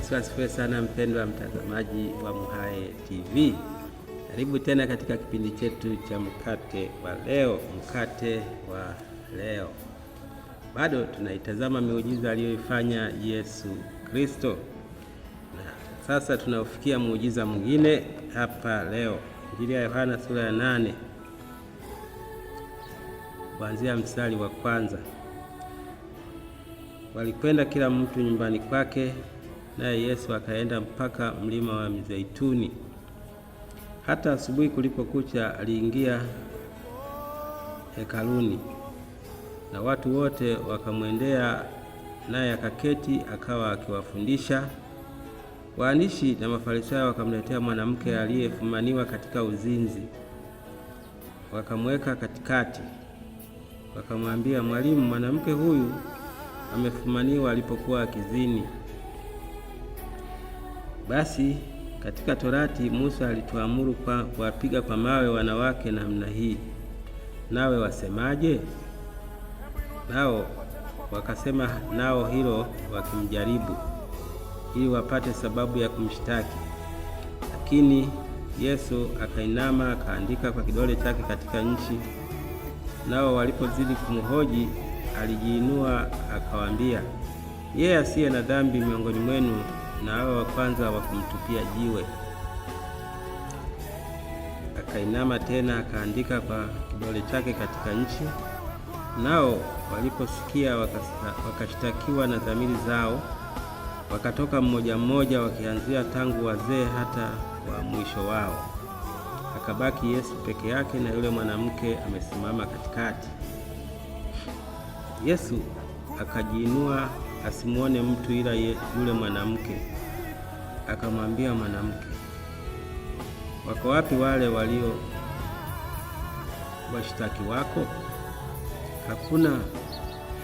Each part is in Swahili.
Yesu asifiwe sana, mpendwa mtazamaji wa MHAE TV, karibu tena katika kipindi chetu cha mkate wa leo. Mkate wa leo, bado tunaitazama miujiza aliyoifanya Yesu Kristo, na sasa tunaofikia muujiza mwingine hapa leo, Injili ya Yohana sura ya nane kuanzia mstari wa kwanza. Walikwenda kila mtu nyumbani kwake naye Yesu akaenda mpaka mlima wa Mizeituni. Hata asubuhi kulipokucha, aliingia hekaluni na watu wote wakamwendea, naye akaketi akawa akiwafundisha. Waandishi na Mafarisayo wakamletea mwanamke aliyefumaniwa katika uzinzi, wakamweka katikati, wakamwambia, Mwalimu, mwanamke huyu amefumaniwa alipokuwa akizini. Basi katika Torati Musa alituamuru kwa kuwapiga kwa mawe wanawake namna hii, nawe wasemaje? Nao wakasema nao hilo wakimjaribu, ili wapate sababu ya kumshtaki. Lakini Yesu akainama akaandika kwa kidole chake katika nchi. Nao walipozidi kumhoji, alijiinua akawaambia, yeye asiye na dhambi miongoni mwenu na awe wa kwanza wa kumtupia jiwe. Akainama tena akaandika kwa kidole chake katika nchi. Nao waliposikia wakashtakiwa na dhamiri zao, wakatoka mmoja mmoja, wakianzia tangu wazee hata wa mwisho wao. Akabaki Yesu peke yake na yule mwanamke amesimama katikati. Yesu akajiinua asimuone mtu ila yule mwanamke. Akamwambia mwanamke, wako wapi wale walio washtaki wako? Hakuna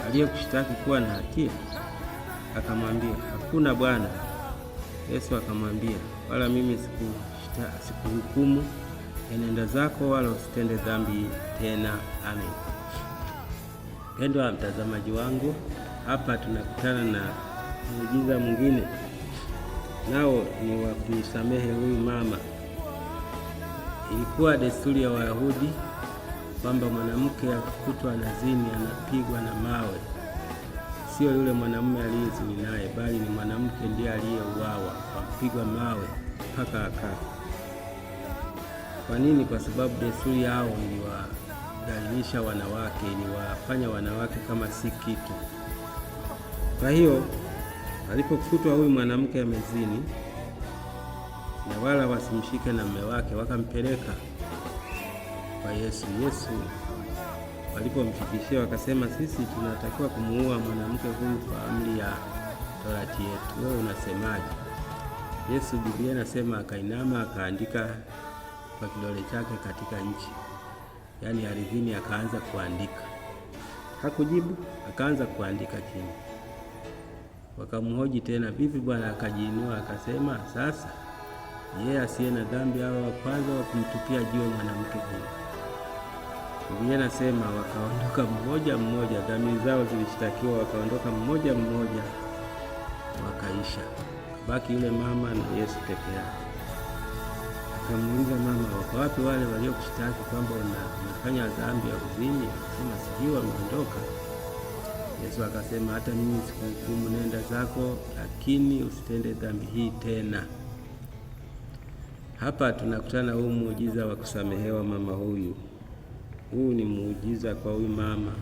aliyekushtaki kuwa na hatia? Akamwambia, hakuna Bwana. Yesu akamwambia, wala mimi sikuhukumu, enenda zako, wala usitende dhambi tena. Amen. Pendwa mtazamaji wangu hapa tunakutana na muujiza mwingine, nao ni wa kumsamehe huyu mama. Ilikuwa desturi ya Wayahudi kwamba mwanamke akikutwa zini anapigwa na mawe. Sio yule mwanamume aliyezini naye, bali ni mwanamke ndiye aliyeuawa kwa kupigwa mawe mpaka akafa. Kwa nini? Kwa sababu desturi yao iliwadhalilisha wanawake, iliwafanya wanawake kama si kitu. Kwa hiyo alipokutwa huyu mwanamke amezini, na wala wasimshike na mume wake, wakampeleka kwa Yesu. Yesu walipomfikishia wakasema, sisi tunatakiwa kumuua mwanamke huyu kwa amri ya torati yetu, wewe unasemaje? Yesu, Biblia inasema, akainama akaandika kwa kidole chake katika nchi, yaani ardhini, akaanza kuandika. Hakujibu, akaanza kuandika chini. Wakamhoji tena, vipi bwana? Akajiinua akasema, sasa yeye yeah, asiye na dhambi awe wa kwanza wa kumtupia jiwe mwanamke huyo. Biblia nasema wakaondoka mmoja mmoja, dhambi zao zilishtakiwa, wakaondoka mmoja mmoja, wakaisha. Baki yule mama na Yesu peke yake. Akamuuliza mama, wako wapi wale waliokushtaki kwamba unafanya dhambi ya uzini? Akasema, sijui, wameondoka. Yesu akasema, hata mimi sikuhukumu, nenda zako, lakini usitende dhambi hii tena. Hapa tunakutana huu muujiza wa kusamehewa mama huyu. Huu ni muujiza kwa huyu mama,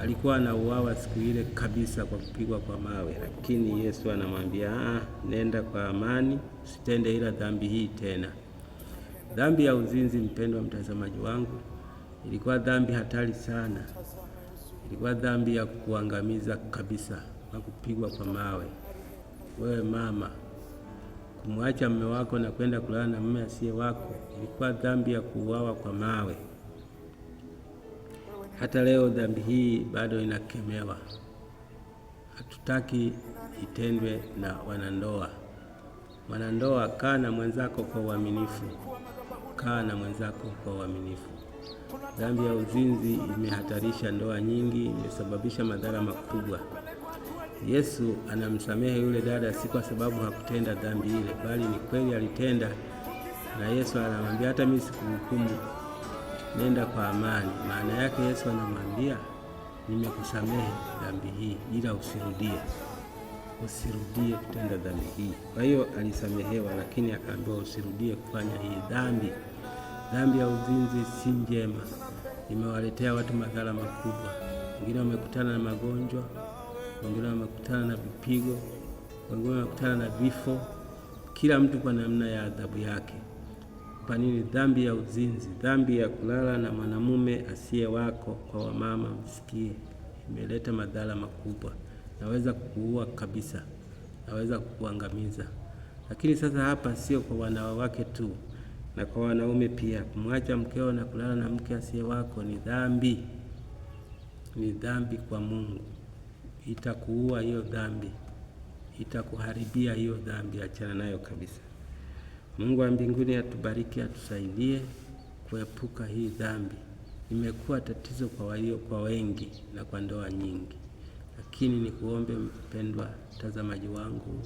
alikuwa anauawa siku ile kabisa kwa kupigwa kwa mawe, lakini Yesu anamwambia ah, nenda kwa amani, usitende ila dhambi hii tena. Dhambi ya uzinzi, mpendwa mtazamaji wangu, ilikuwa dhambi hatari sana wa dhambi ya kuangamiza kabisa na kupigwa kwa mawe. Wewe mama, kumwacha mume wako na kwenda kulala na mume asiye wako ilikuwa dhambi ya kuuawa kwa mawe. Hata leo dhambi hii bado inakemewa. Hatutaki itendwe na wanandoa. Mwanandoa, kaa na mwenzako kwa uaminifu, kaa na mwenzako kwa uaminifu. Dhambi ya uzinzi imehatarisha ndoa nyingi, imesababisha madhara makubwa. Yesu anamsamehe yule dada, si kwa sababu hakutenda dhambi ile, bali ni kweli alitenda, na Yesu anamwambia hata mimi sikuhukumu, nenda kwa amani. Maana yake Yesu anamwambia nimekusamehe dhambi hii, ila usirudie, usirudie kutenda dhambi hii. Kwa hiyo alisamehewa, lakini akaambiwa usirudie kufanya hii dhambi. Dhambi ya uzinzi si njema, imewaletea watu madhara makubwa. Wengine wamekutana na magonjwa, wengine wamekutana na vipigo, wengine wamekutana na vifo, kila mtu kwa namna ya adhabu yake. Kwa nini? Dhambi ya uzinzi, dhambi ya kulala na mwanamume asiye wako, kwa wamama msikie, imeleta madhara makubwa, naweza kukuua kabisa, naweza kukuangamiza. Lakini sasa hapa sio kwa wanawake tu. Na kwa wanaume pia, kumwacha mkeo na kulala na mke asiye wako ni dhambi, ni dhambi kwa Mungu. Itakuua hiyo dhambi, itakuharibia hiyo dhambi, achana nayo kabisa. Mungu wa mbinguni atubariki, atusaidie kuepuka hii dhambi. Imekuwa tatizo kwa walio kwa wengi na kwa ndoa nyingi, lakini nikuombe mpendwa mtazamaji wangu,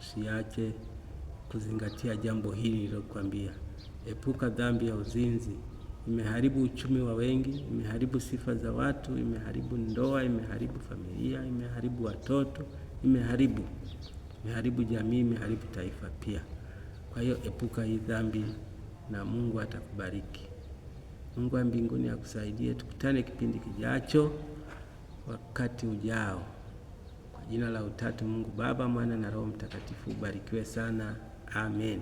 usiache kuzingatia jambo hili nilokuambia. Epuka dhambi ya uzinzi. Imeharibu uchumi wa wengi, imeharibu sifa za watu, imeharibu ndoa, imeharibu familia, imeharibu watoto, imeharibu imeharibu jamii, imeharibu taifa pia. Kwa hiyo epuka hii dhambi na Mungu atakubariki. Mungu wa mbinguni akusaidie. Tukutane kipindi kijacho, wakati ujao. Kwa jina la utatu Mungu Baba, Mwana na Roho Mtakatifu, ubarikiwe sana. Amen.